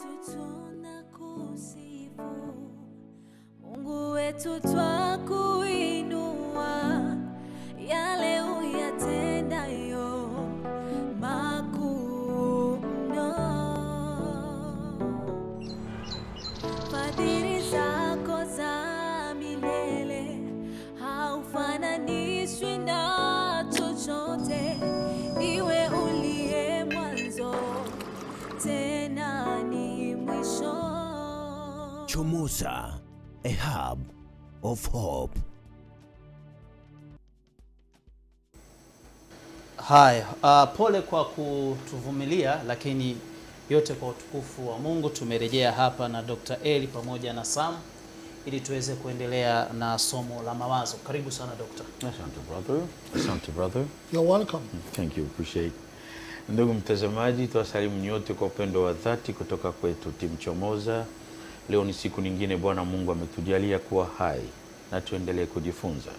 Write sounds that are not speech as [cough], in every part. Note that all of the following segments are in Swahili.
wetu tunakusifu, Mungu wetu twaku Chomoza, a hub of hope. Haya, uh, pole kwa kutuvumilia, lakini yote kwa utukufu wa Mungu tumerejea hapa na Dr. Eli pamoja na Sam ili tuweze kuendelea na somo la mawazo. Karibu sana Dr. Asante brother. Asante brother. You're welcome. Thank you. Appreciate. Ndugu mtazamaji, tuwasalimu nyote kwa upendo wa dhati kutoka kwetu timchomoza Chomoza. Leo ni siku nyingine Bwana Mungu ametujalia kuwa hai na tuendelee kujifunza.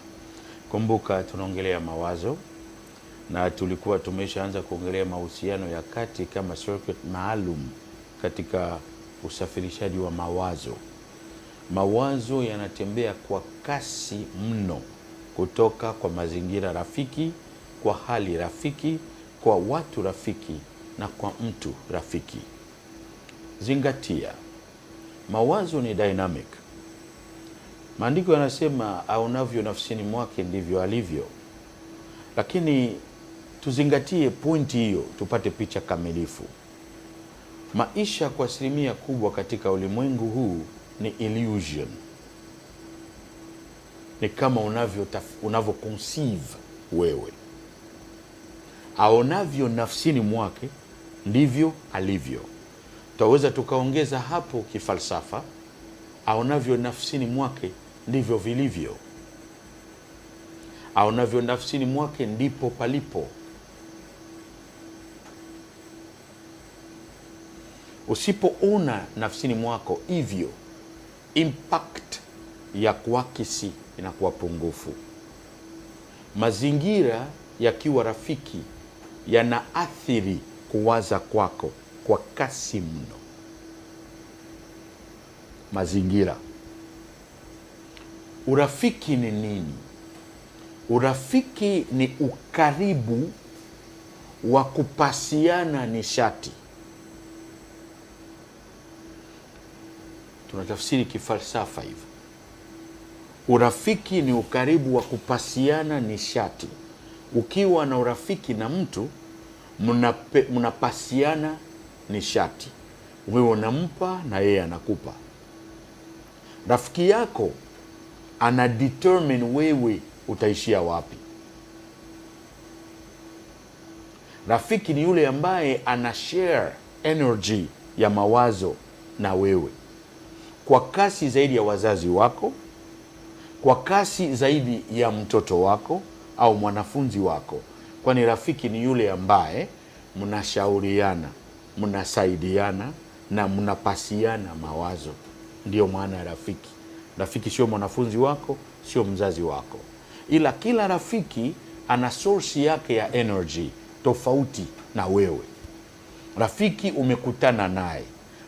Kumbuka tunaongelea mawazo na tulikuwa tumeshaanza kuongelea mahusiano ya kati kama circuit maalum katika usafirishaji wa mawazo. Mawazo yanatembea kwa kasi mno kutoka kwa mazingira rafiki, kwa hali rafiki, kwa watu rafiki na kwa mtu rafiki. Zingatia Mawazo ni dynamic. Maandiko yanasema aonavyo nafsini mwake ndivyo alivyo, lakini tuzingatie pointi hiyo tupate picha kamilifu. Maisha kwa asilimia kubwa katika ulimwengu huu ni illusion, ni kama unavyo, unavyo conceive wewe. Aonavyo nafsini mwake ndivyo alivyo. Twaweza tukaongeza hapo kifalsafa, aonavyo nafsini mwake ndivyo vilivyo, aonavyo nafsini mwake ndipo palipo. Usipoona nafsini mwako hivyo, impact ya kuakisi inakuwa pungufu. Mazingira yakiwa rafiki yanaathiri kuwaza kwako kwa kasi mno. Mazingira. Urafiki ni nini? Urafiki ni ukaribu wa kupasiana nishati. Tunatafsiri kifalsafa hivyo. Urafiki ni ukaribu wa kupasiana nishati. Ukiwa na urafiki na mtu mnapasiana nishati. Wewe unampa na yeye anakupa. Rafiki yako ana determine wewe utaishia wapi. Rafiki ni yule ambaye ana share energy ya mawazo na wewe kwa kasi zaidi ya wazazi wako, kwa kasi zaidi ya mtoto wako au mwanafunzi wako, kwani rafiki ni yule ambaye mnashauriana mnasaidiana na mnapasiana mawazo. Ndiyo maana rafiki, rafiki sio mwanafunzi wako, sio mzazi wako, ila kila rafiki ana source yake ya energy tofauti na wewe. Rafiki umekutana naye,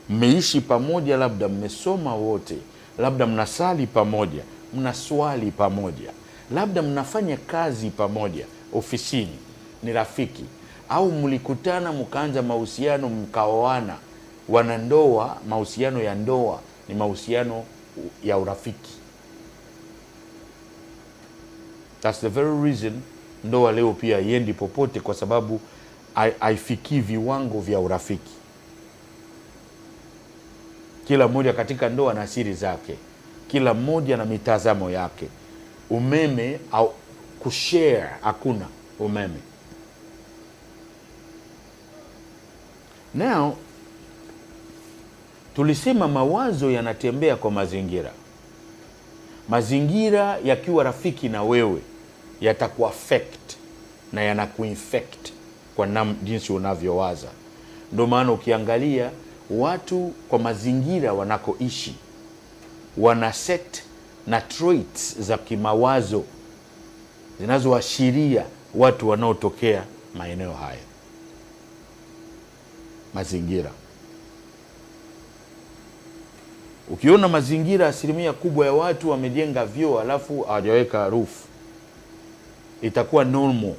mmeishi pamoja, labda mmesoma wote, labda mnasali pamoja, mnaswali pamoja, labda mnafanya kazi pamoja ofisini, ni rafiki au mlikutana mkaanza mahusiano mkaoana, wanandoa? Mahusiano ya ndoa ni mahusiano ya urafiki. That's the very reason ndoa leo pia haiendi popote, kwa sababu haifikii viwango vya urafiki. Kila mmoja katika ndoa na siri zake, kila mmoja na mitazamo yake. Umeme au kushare, hakuna umeme Now tulisema mawazo yanatembea kwa mazingira. Mazingira yakiwa rafiki na wewe yatakuaffect na yanakuinfect kwa nam jinsi unavyowaza. Ndio maana ukiangalia watu kwa mazingira wanakoishi wana set na traits za kimawazo zinazoashiria watu wanaotokea maeneo haya mazingira. Ukiona mazingira, asilimia kubwa ya watu wamejenga vyoo alafu hawajaweka rufu, itakuwa normal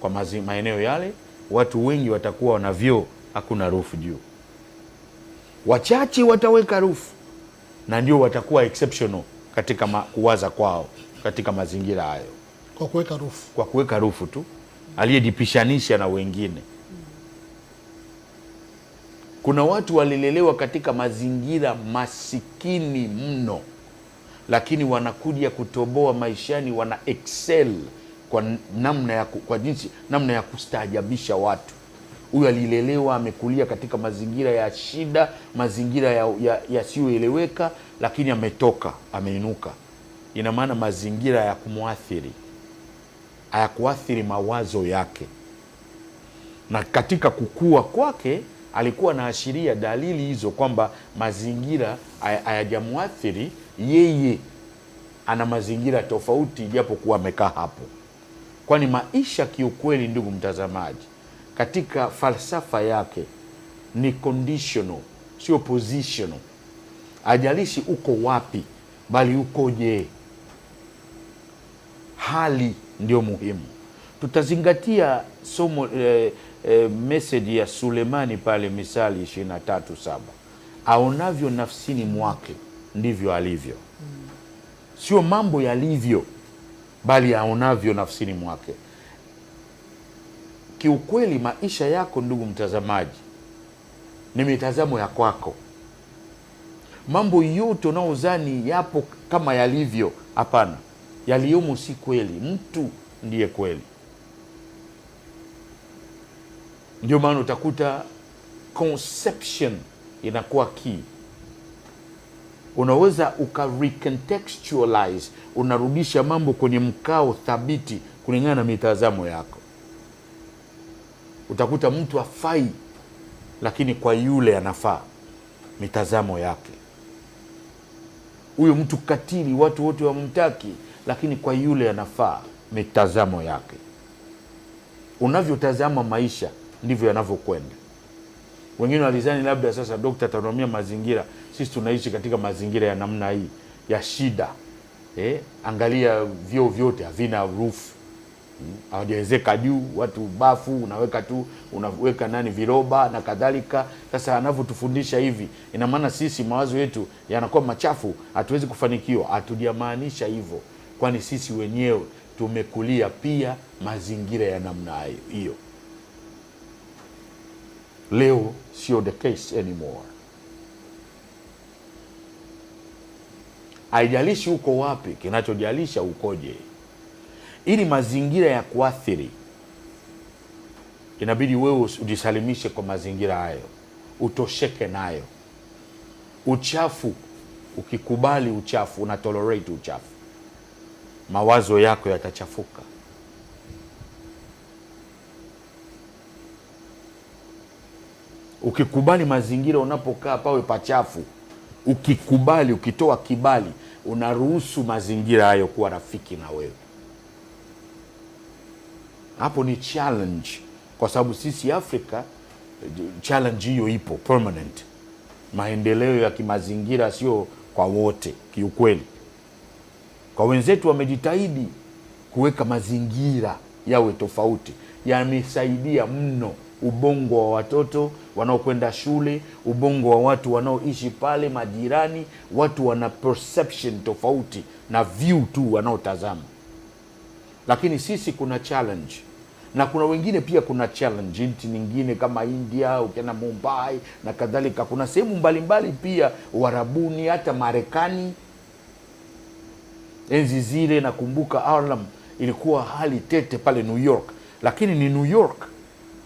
kwa maeneo yale. Watu wengi watakuwa wana vyoo, hakuna rufu juu, wachache wataweka rufu, na ndio watakuwa exceptional katika kuwaza kwao katika mazingira hayo, kwa kuweka kwa kuweka rufu tu aliyejipishanisha na wengine. Kuna watu walilelewa katika mazingira masikini mno, lakini wanakuja kutoboa maishani, wana excel kwa namna ya kwa jinsi, namna ya kustaajabisha watu. Huyu alilelewa amekulia katika mazingira ya shida, mazingira yasiyoeleweka ya, ya lakini ametoka ameinuka. Ina maana mazingira ya kumwathiri hayakuathiri mawazo yake, na katika kukua kwake alikuwa anaashiria dalili hizo kwamba mazingira hayajamwathiri yeye, ana mazingira tofauti ijapokuwa amekaa hapo. Kwani maisha kiukweli, ndugu mtazamaji, katika falsafa yake ni conditional, sio positional. Ajalishi uko wapi, bali ukoje. Hali ndio muhimu. Tutazingatia somo eh, eh, meseji ya Sulemani pale Misali ishirini na tatu saba aonavyo nafsini mwake ndivyo alivyo, sio mambo yalivyo, bali aonavyo nafsini mwake. Kiukweli, maisha yako ndugu mtazamaji ni mitazamo ya kwako. Mambo yote unaozani yapo kama yalivyo, hapana. Yaliyomo si kweli, mtu ndiye kweli. Ndio maana utakuta conception inakuwa key. Unaweza uka recontextualize, unarudisha mambo kwenye mkao thabiti kulingana na mitazamo yako. Utakuta mtu afai, lakini kwa yule anafaa mitazamo yake. huyo mtu katili, watu wote wamtaki lakini kwa yule anafaa mitazamo yake. Unavyotazama maisha ndivyo yanavyokwenda. Wengine walizani labda sasa dokta atanomia mazingira. Sisi tunaishi katika mazingira ya namna hii ya shida eh. Angalia vyoo vyote havina rufu, hmm, hawajawezeka juu, watu bafu unaweka tu unaweka nani viroba na kadhalika. Sasa anavyotufundisha hivi, ina maana sisi mawazo yetu yanakuwa machafu, hatuwezi kufanikiwa. Hatujamaanisha hivyo, kwani sisi wenyewe tumekulia pia mazingira ya namna hiyo leo sio the case anymore. Haijalishi uko wapi, kinachojalisha ukoje, ili mazingira ya kuathiri inabidi wewe ujisalimishe kwa mazingira hayo, utosheke nayo. Uchafu ukikubali uchafu, una tolerate uchafu, mawazo yako yatachafuka. Ukikubali mazingira unapokaa pawe pachafu, ukikubali, ukitoa kibali, unaruhusu mazingira hayo kuwa rafiki na wewe. Hapo ni challenge, kwa sababu sisi Afrika challenge hiyo ipo permanent. Maendeleo ya kimazingira sio kwa wote kiukweli, kwa wenzetu wamejitahidi kuweka mazingira yawe tofauti, yamesaidia mno ubongo wa watoto wanaokwenda shule, ubongo wa watu wanaoishi pale, majirani. Watu wana perception tofauti na view tu wanaotazama, lakini sisi kuna challenge na kuna wengine pia kuna challenge nchi nyingine kama India, ukienda Mumbai na kadhalika, kuna sehemu mbalimbali pia warabuni, hata Marekani enzi zile. Nakumbuka Harlem ilikuwa hali tete pale New York, lakini ni New York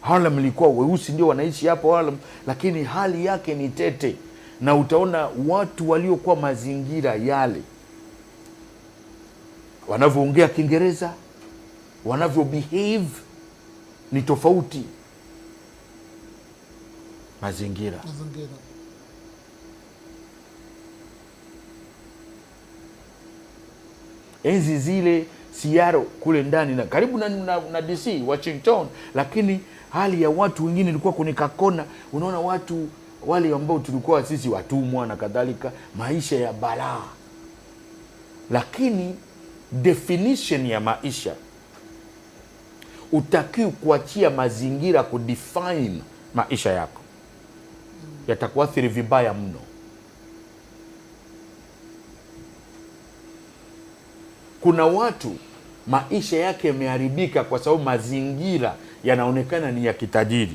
Harlem ilikuwa weusi ndio wanaishi hapo Harlem, lakini hali yake ni tete, na utaona watu waliokuwa mazingira yale wanavyoongea Kiingereza, wanavyo behave ni tofauti. Mazingira, mazingira. Enzi zile Seattle kule ndani na karibu na, na, na DC Washington, lakini hali ya watu wengine ilikuwa kwenye kakona. Unaona watu wale ambao tulikuwa sisi watumwa na kadhalika, maisha ya balaa. Lakini definition ya maisha utakiwa kuachia mazingira kudefine maisha yako, yatakuathiri vibaya mno. Kuna watu maisha yake yameharibika kwa sababu mazingira yanaonekana ni ya kitajiri.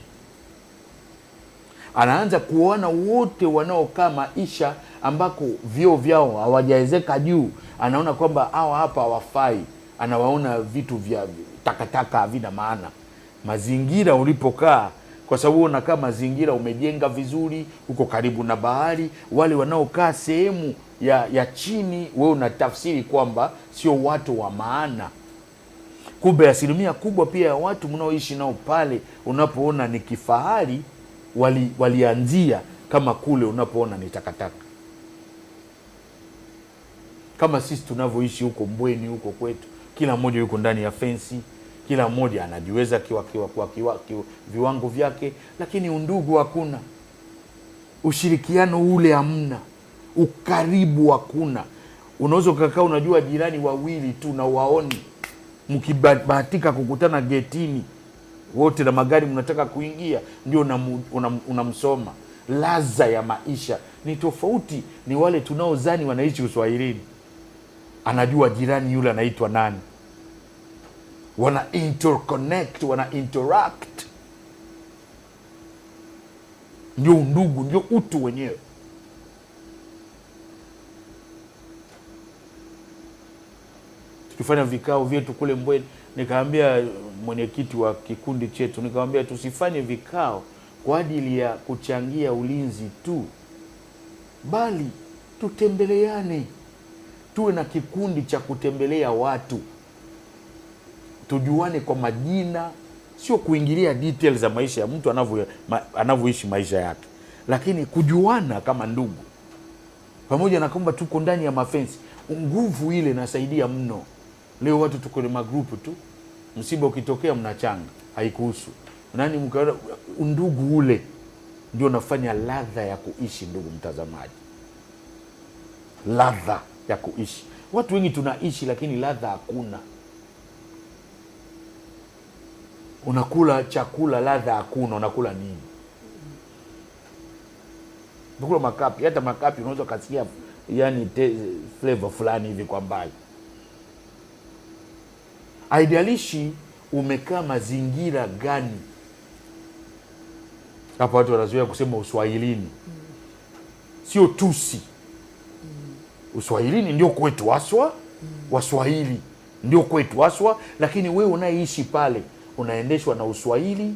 Anaanza kuona wote wanaokaa maisha ambako vyoo vyao hawajawezeka juu, anaona kwamba hawa hapa hawafai, anawaona vitu vya takataka havina maana. Mazingira ulipokaa kwa sababu unakaa mazingira umejenga vizuri, uko karibu na bahari. Wale wanaokaa sehemu ya, ya chini, wewe unatafsiri kwamba sio watu wa maana. Kumbe asilimia kubwa pia ya watu mnaoishi nao pale unapoona ni kifahari wali, walianzia kama kule unapoona ni takataka, kama sisi tunavyoishi huko Mbweni huko kwetu, kila mmoja yuko ndani ya fensi, kila mmoja anajiweza kiwa, kiwa, kiwa, kiwa, kiwa, viwango vyake, lakini undugu hakuna, ushirikiano ule hamna, ukaribu hakuna. Unaweza ukakaa unajua jirani wawili tu na waoni mkibahatika kukutana getini wote na magari mnataka kuingia, ndio unamsoma. Una, una laza ya maisha ni tofauti, ni wale tunaozani wanaishi uswahilini, anajua jirani yule anaitwa nani, wana interconnect, wana interact. Ndio undugu, ndio utu wenyewe. tukifanya vikao vyetu kule Mbweni, nikaambia mwenyekiti wa kikundi chetu, nikamwambia tusifanye vikao kwa ajili ya kuchangia ulinzi tu, bali tutembeleane, tuwe na kikundi cha kutembelea watu, tujuane kwa majina, sio kuingilia details za maisha ya mtu ma, anavyoishi maisha yake, lakini kujuana kama ndugu, pamoja na kwamba tuko ndani ya mafensi. Nguvu ile inasaidia mno. Leo watu tuko na magrupu tu, msiba ukitokea mnachanga, haikuhusu nani mkaona. Undugu ule ndio unafanya ladha ya kuishi, ndugu mtazamaji, ladha ya kuishi. Watu wengi tunaishi, lakini ladha hakuna. Unakula chakula, ladha hakuna. Unakula nini? Unakula makapi, hata makapi unaweza ukasikia yani flavor fulani hivi kwa mbali haijalishi umekaa mazingira gani. Hapa watu wanazoea kusema uswahilini sio tusi, uswahilini ndio kwetu haswa, waswahili ndio kwetu haswa, lakini wewe unayeishi pale unaendeshwa na uswahili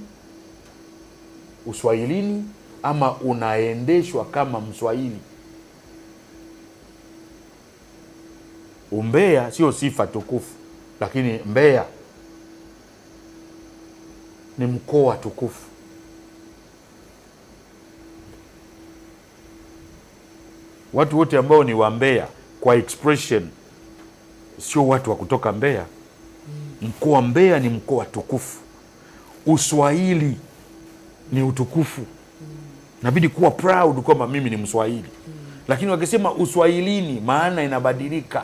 uswahilini, ama unaendeshwa kama Mswahili. Umbea sio sifa tukufu lakini Mbeya ni mkoa tukufu. Watu wote ambao ni wa Mbeya kwa expression sio watu wa kutoka Mbeya. Mkoa Mbeya ni mkoa tukufu. Uswahili ni utukufu, nabidi kuwa proud kwamba mimi ni Mswahili, lakini wakisema uswahilini, maana inabadilika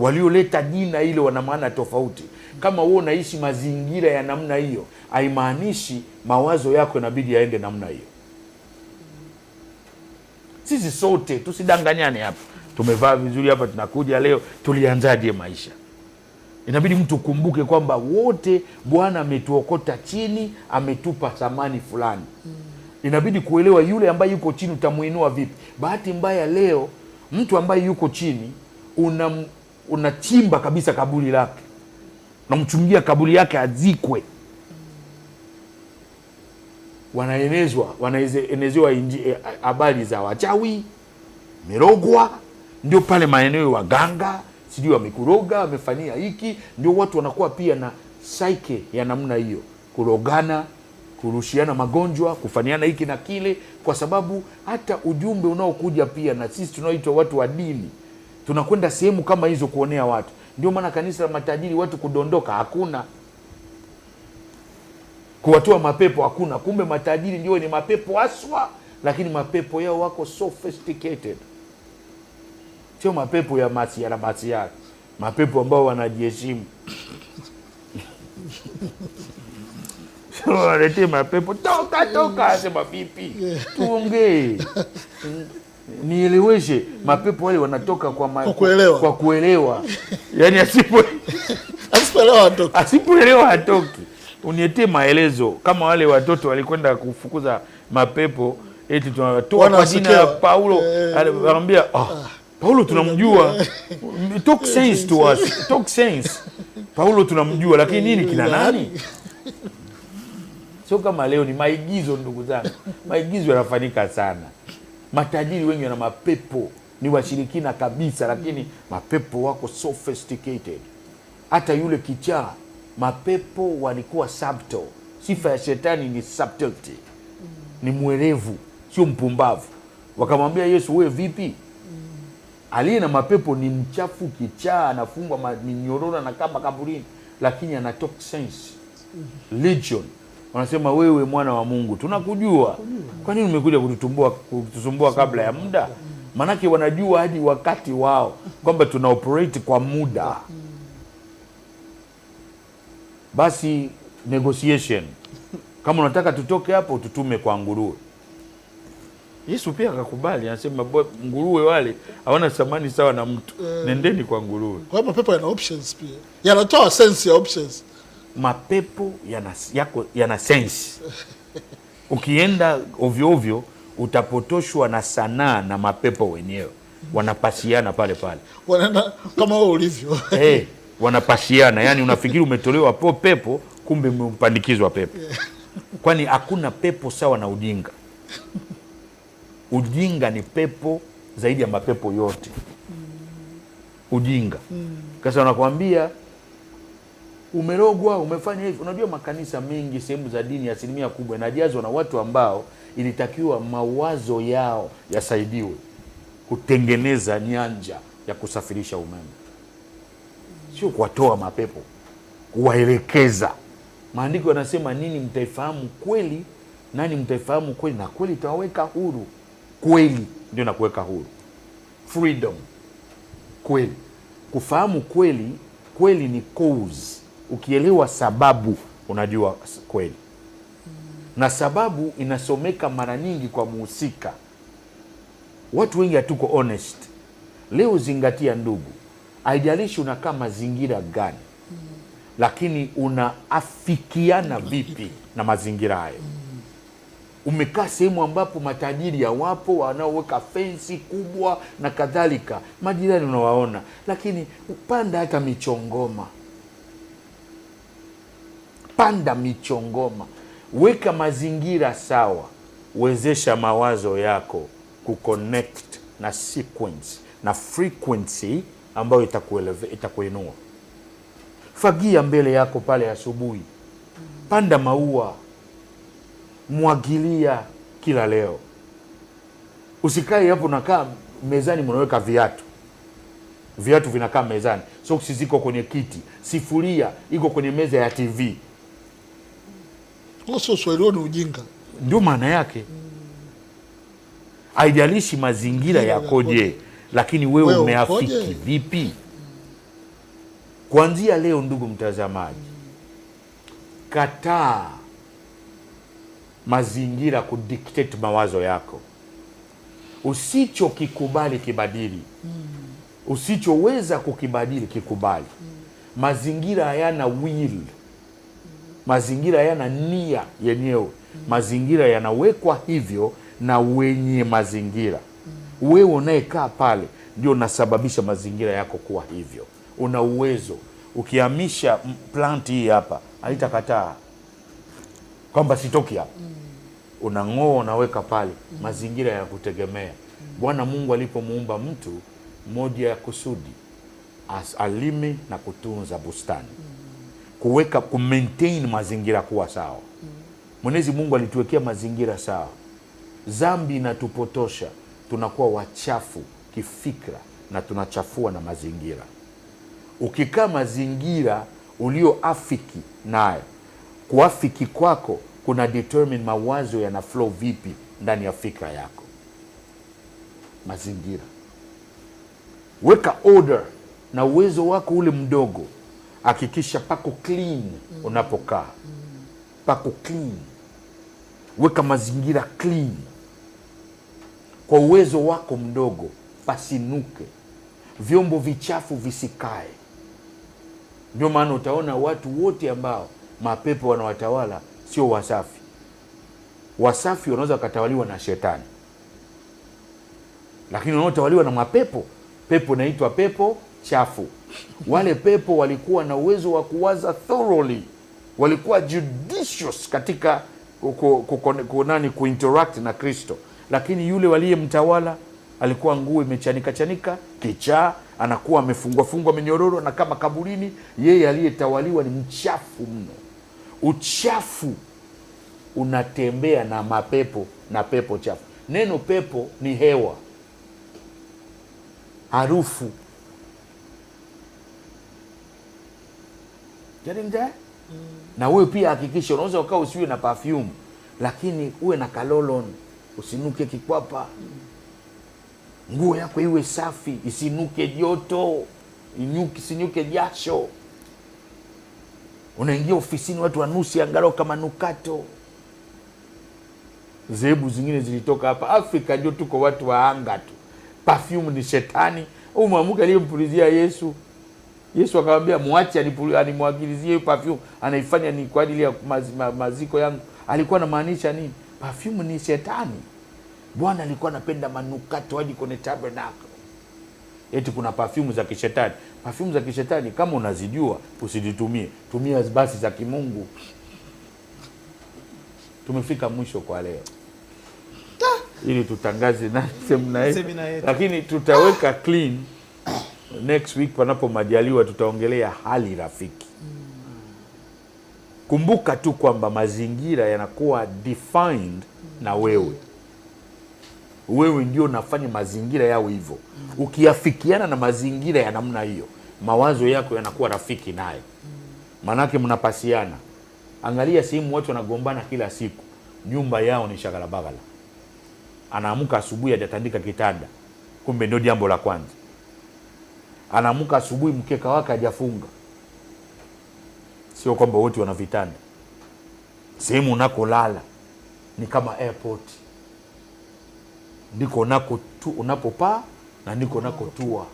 walioleta jina ile wana maana tofauti. Kama wewe unaishi mazingira ya namna hiyo, haimaanishi mawazo yako inabidi yaende namna hiyo. Sisi sote tusidanganyane hapa, tumevaa vizuri hapa, tunakuja leo, tulianzaje maisha? Inabidi mtu kumbuke kwamba wote Bwana ametuokota chini, ametupa thamani fulani. Inabidi kuelewa yule ambaye yuko chini utamuinua vipi. Bahati mbaya leo mtu ambaye yuko chini unam unachimba kabisa kaburi lake, unamchungia kaburi yake azikwe. Wanaenezwa, wanaenezewa eh, habari za wachawi merogwa, ndio pale maeneo waganga sijui wamekuroga wamefanyia hiki, ndio watu wanakuwa pia na saike ya namna hiyo, kurogana, kurushiana magonjwa, kufaniana hiki na kile, kwa sababu hata ujumbe unaokuja pia na sisi tunaoitwa watu wa dini tunakwenda sehemu kama hizo kuonea watu. Ndio maana kanisa la matajiri watu kudondoka hakuna, kuwatoa mapepo hakuna. Kumbe matajiri ndio ni mapepo haswa, lakini mapepo yao wako sophisticated, sio mapepo ya masiara masiara, mapepo ambao wanajiheshimu [laughs] waletee mapepo toka toka, asema vipi, tuongee [laughs] nieleweshe. Mapepo wale wanatoka kwa, ma... kwa kuelewa, kwa kuelewa. Yani asipo [laughs] asipoelewa hatoki. Unietee maelezo kama wale watoto walikwenda kufukuza mapepo eti tunatoka kwa jina la Paulo eh, anaambia oh, ah, ah, Paulo tunamjua [laughs] talk sense to us. Talk sense. Paulo tunamjua lakini nini kina nani? Sio kama leo, ni maigizo ndugu zangu, maigizo yanafanyika sana. Matajiri wengi wana mapepo, ni washirikina kabisa, lakini mapepo wako sophisticated. Hata yule kichaa, mapepo walikuwa subtle. Sifa ya shetani ni subtlety, ni mwerevu, sio mpumbavu. Wakamwambia Yesu, we vipi? Aliye na mapepo ni mchafu, kichaa, anafungwa minyororo na kamba kaburini, lakini ana talk sense. Legion wanasema wewe mwana wa Mungu tunakujua, kwa nini umekuja kututumbua kutusumbua kabla ya muda? Maanake wanajua hadi wakati wao kwamba tuna operate kwa muda. Basi negotiation, kama unataka tutoke hapo, tutume kwa nguruwe. Yesu pia akakubali, anasema nguruwe wale hawana thamani sawa na mtu, eh. nendeni kwa nguruwe. Kwa hiyo mapepo yana options pia, yanatoa sense ya options mapepo yana, yako, yana sensi. Ukienda ovyo ovyo utapotoshwa na sanaa na mapepo wenyewe, wanapasiana pale pale, wanana, kama wewe ulivyo hey, eh, wanapasiana yani, unafikiri umetolewa po pepo, kumbe umepandikizwa pepo, kwani hakuna pepo sawa na ujinga. Ujinga ni pepo zaidi ya mapepo yote, ujinga. Hmm. Sasa wanakuambia umerogwa, umefanya hivi. Unajua makanisa mengi, sehemu za dini, asilimia kubwa inajazwa na watu ambao ilitakiwa mawazo yao yasaidiwe kutengeneza nyanja ya kusafirisha umeme, sio kuwatoa mapepo, kuwaelekeza. Maandiko yanasema nini? Mtaifahamu kweli, nani? Mtaifahamu kweli, na kweli itawaweka huru. Kweli ndio na kuweka huru, freedom, kweli, kufahamu kweli. Kweli ni cause ukielewa sababu unajua kweli na sababu inasomeka mara nyingi kwa muhusika. Watu wengi hatuko honest. Leo zingatia, ndugu, haijalishi unakaa mazingira gani lakini unaafikiana vipi na mazingira hayo umekaa sehemu ambapo matajiri wapo wanaoweka fensi kubwa na kadhalika, majirani unawaona, lakini upanda hata michongoma panda michongoma, weka mazingira sawa, wezesha mawazo yako kuconnect na sequence na frequency ambayo itakuinua. Fagia mbele yako pale asubuhi, panda maua, mwagilia kila leo. Usikae hapo, nakaa mezani, mnaweka viatu viatu vinakaa mezani, soksi ziko kwenye kiti, sifuria iko kwenye meza ya TV. Kosa uswahiliwa ni ujinga, ndio maana yake. Haijalishi mazingira yakoje, lakini wewe umeafiki vipi? Kuanzia leo, ndugu mtazamaji, kataa mazingira kudictate mawazo yako. Usichokikubali kibadili, hmm. usichoweza kukibadili kikubali. Hmm. Mazingira hayana will mazingira yana nia yenyewe, mazingira yanawekwa hivyo na wenye mazingira. Wewe unayekaa pale ndio unasababisha mazingira yako kuwa hivyo. Una uwezo ukihamisha planti hii hapa, haitakataa kwamba sitoki hapa. Unang'oa, unaweka pale, mazingira ya kutegemea. Bwana Mungu alipomuumba mtu, moja ya kusudi as alime na kutunza bustani kuweka ku maintain mazingira kuwa sawa. Mm. Mwenyezi Mungu alituwekea mazingira sawa. Dhambi inatupotosha, tunakuwa wachafu kifikra na tunachafua na mazingira. Ukikaa mazingira ulioafiki nayo, kuafiki kwako kuna determine mawazo yana flow vipi ndani ya fikra yako. Mazingira weka order na uwezo wako ule mdogo hakikisha pako clean unapokaa, pako clean, weka mazingira clean. Kwa uwezo wako mdogo, pasinuke, vyombo vichafu visikae. Ndio maana utaona watu wote ambao mapepo wanawatawala sio wasafi. Wasafi wanaweza wakatawaliwa na shetani, lakini wanaotawaliwa na mapepo, pepo inaitwa pepo chafu. Wale pepo walikuwa na uwezo wa kuwaza thoroughly, walikuwa judicious katika kunani kuinteract na Kristo, lakini yule waliyemtawala alikuwa nguo imechanika chanika, kichaa, anakuwa amefungwa fungwa minyororo na kama kaburini. Yeye aliyetawaliwa ni mchafu mno. Uchafu unatembea na mapepo na pepo chafu. Neno pepo ni hewa, harufu Jarimja? Mm. Na wewe pia hakikisha unaweza ukaa usiwe na perfume lakini uwe na kalolon, usinuke kikwapa. Mm. Nguo yako iwe safi, isinuke joto, inyuki isinyuke jasho. Unaingia ofisini watu wanusi angalau kama nukato. Zehebu zingine zilitoka hapa Afrika juu, tuko watu wa anga tu. Perfume ni shetani. Huyu mwanamke aliyempulizia Yesu Yesu akamwambia muache animwagilizie perfume, anaifanya ni kwa ajili ya maziko yangu. Alikuwa anamaanisha nini? Perfume ni shetani. Bwana alikuwa anapenda manukato hadi kwenye tabernacle. Eti kuna perfume za kishetani. Perfume za kishetani kama unazijua usizitumie, tumia basi za kimungu. Tumefika mwisho kwa leo ah! ili tutangaze na semina yetu, lakini tutaweka ah! clean next week panapo majaliwa tutaongelea hali rafiki. Kumbuka tu kwamba mazingira yanakuwa defined na wewe, wewe ndio unafanya mazingira yao hivyo. Ukiafikiana na mazingira ya namna hiyo, mawazo yako yanakuwa rafiki naye, maanake mnapasiana. Angalia sehemu watu wanagombana kila siku, nyumba yao ni shagalabagala. Anaamka asubuhi hajatandika kitanda, kumbe ndio jambo la kwanza anaamka asubuhi, mkeka wake hajafunga. Sio kwamba wote wana vitanda. Sehemu unakolala ni kama airport, ndiko unapopaa na ndiko unakotua.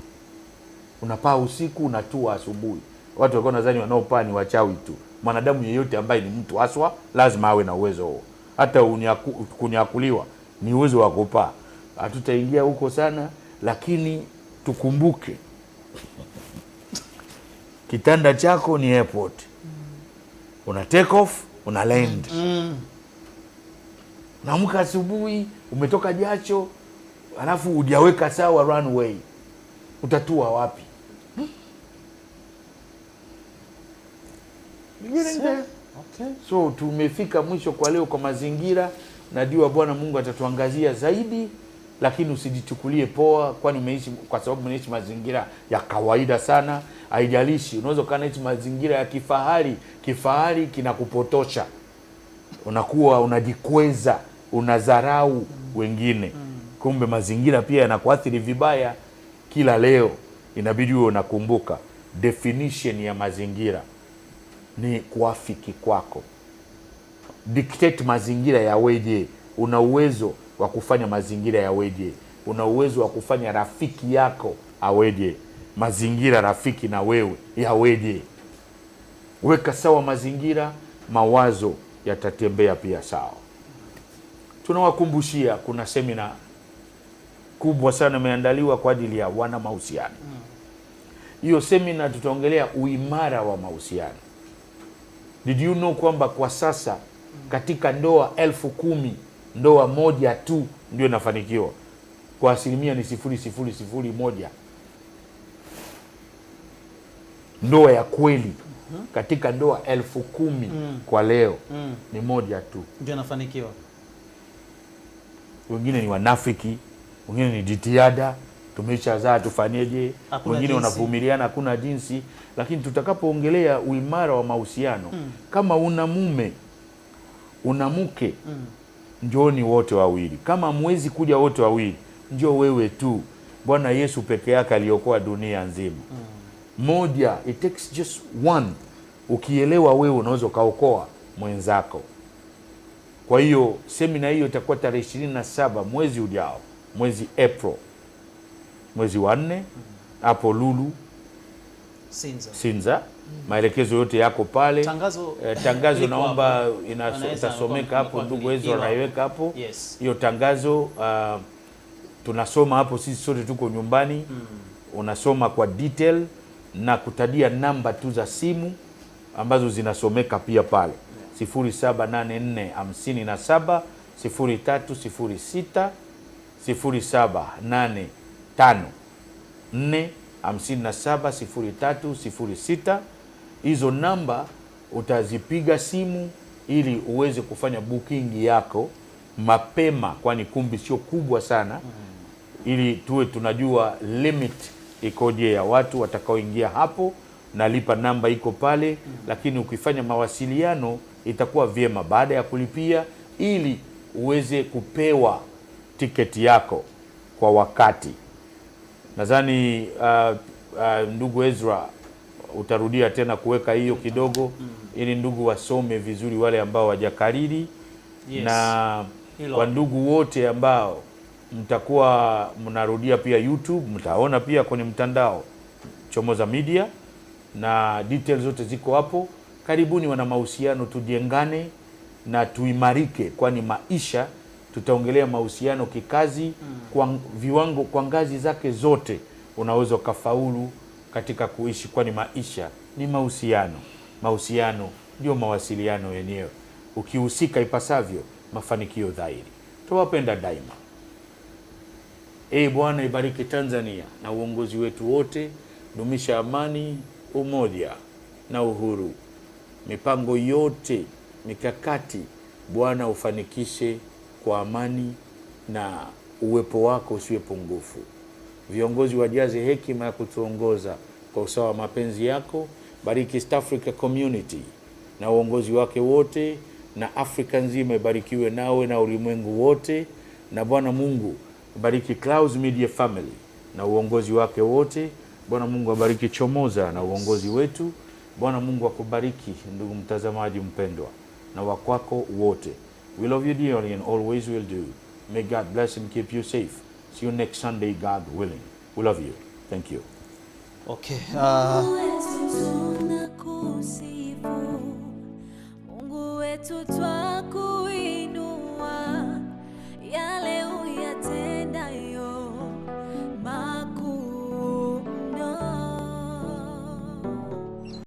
Unapaa usiku, unatua asubuhi. Watu walikuwa nadhani wanaopaa ni wachawi tu. Mwanadamu yeyote ambaye ni mtu haswa lazima awe na uwezo huo, hata unyaku, kunyakuliwa ni uwezo wa kupaa. Hatutaingia huko sana, lakini tukumbuke [laughs] Kitanda chako ni airport, una take off, una land mm. asubuhi umetoka jacho alafu ujaweka sawa runway, utatua wapi? Okay. So tumefika mwisho kwa leo kwa mazingira. Najua Bwana Mungu atatuangazia zaidi lakini usijichukulie poa, kwani umeishi kwa sababu umeishi mazingira ya kawaida sana. Haijalishi, unaweza ukawa naishi mazingira ya kifahari. Kifahari kinakupotosha, unakuwa unajikweza, unadharau mm. wengine mm. Kumbe mazingira pia yanakuathiri vibaya. Kila leo inabidi huwe unakumbuka definition ya mazingira ni kuafiki kwako, dictate mazingira yaweje, una uwezo wa kufanya mazingira yaweje, una uwezo wa kufanya rafiki yako aweje, mazingira rafiki na wewe yaweje. Weka sawa mazingira, mawazo yatatembea pia sawa. Tunawakumbushia kuna semina kubwa sana imeandaliwa kwa ajili ya wana mahusiano. Hiyo semina tutaongelea uimara wa mahusiano. Did you know kwamba kwa sasa katika ndoa elfu kumi ndoa moja tu ndio inafanikiwa kwa asilimia ni sifuri sifuri sifuri moja. Ndoa ya kweli mhm. katika ndoa elfu kumi mm. kwa leo mm. ni moja tu ndio inafanikiwa. Wengine ni wanafiki, wengine ni jitihada, tumeshazaa tufanyeje, wengine wanavumiliana, hakuna jinsi. Lakini tutakapoongelea uimara wa mahusiano mm. kama una mume una mke mm njoni wote wawili. Kama mwezi kuja wote wawili, njoo wewe tu. Bwana Yesu peke yake aliokoa dunia nzima mm. Moja, it takes just one. Ukielewa wewe unaweza ukaokoa mwenzako. Kwa hiyo semina hiyo itakuwa tarehe ishirini na saba mwezi ujao, mwezi April, mwezi wa nne mm-hmm. hapo Lulu Sinza, Sinza. Mm. maelekezo yote yako pale. Tangazo, eh, tangazo naomba itasomeka hapo, ndugu wezi wanaiweka hapo hiyo tangazo. Uh, tunasoma hapo sisi sote tuko nyumbani mm. Unasoma kwa detail na kutadia namba tu za simu ambazo zinasomeka pia pale yeah. 078457 0306 0785 457 0306 hizo namba utazipiga simu ili uweze kufanya booking yako mapema, kwani kumbi sio kubwa sana, mm-hmm. ili tuwe tunajua limit ikoje ya watu watakaoingia hapo. Nalipa namba iko pale, mm-hmm. lakini ukifanya mawasiliano itakuwa vyema baada ya kulipia, ili uweze kupewa tiketi yako kwa wakati. Nadhani uh, uh, ndugu Ezra utarudia tena kuweka hiyo kidogo mm. ili ndugu wasome vizuri wale ambao wajakariri yes. na Kwa ndugu wote ambao mtakuwa mnarudia pia YouTube, mtaona pia kwenye mtandao Chomoza Media na details zote ziko hapo. Karibuni wana mahusiano, tujengane na tuimarike, kwani maisha tutaongelea mahusiano kikazi mm. kwa viwango, kwa ngazi zake zote unaweza ukafaulu katika kuishi, kwani maisha ni mahusiano. Mahusiano ndio mawasiliano yenyewe, ukihusika ipasavyo, mafanikio dhahiri. Tuwapenda daima. Ee Bwana, ibariki Tanzania na uongozi wetu wote, dumisha amani, umoja na uhuru. Mipango yote mikakati, Bwana ufanikishe kwa amani na uwepo wako usiwe pungufu. Viongozi wajaze hekima ya kutuongoza kwa usawa mapenzi yako. Bariki East Africa Community na uongozi wake wote, na Afrika nzima ibarikiwe nawe na ulimwengu wote. Na Bwana Mungu bariki Clouds Media Family na uongozi wake wote. Bwana Mungu abariki Chomoza na uongozi wetu. Bwana Mungu akubariki ndugu mtazamaji mpendwa na wakwako wote. We love you dearly and always will do. May God bless and keep you safe. See you next Sunday, God willing. We love you. Thank you. Okay. Uh...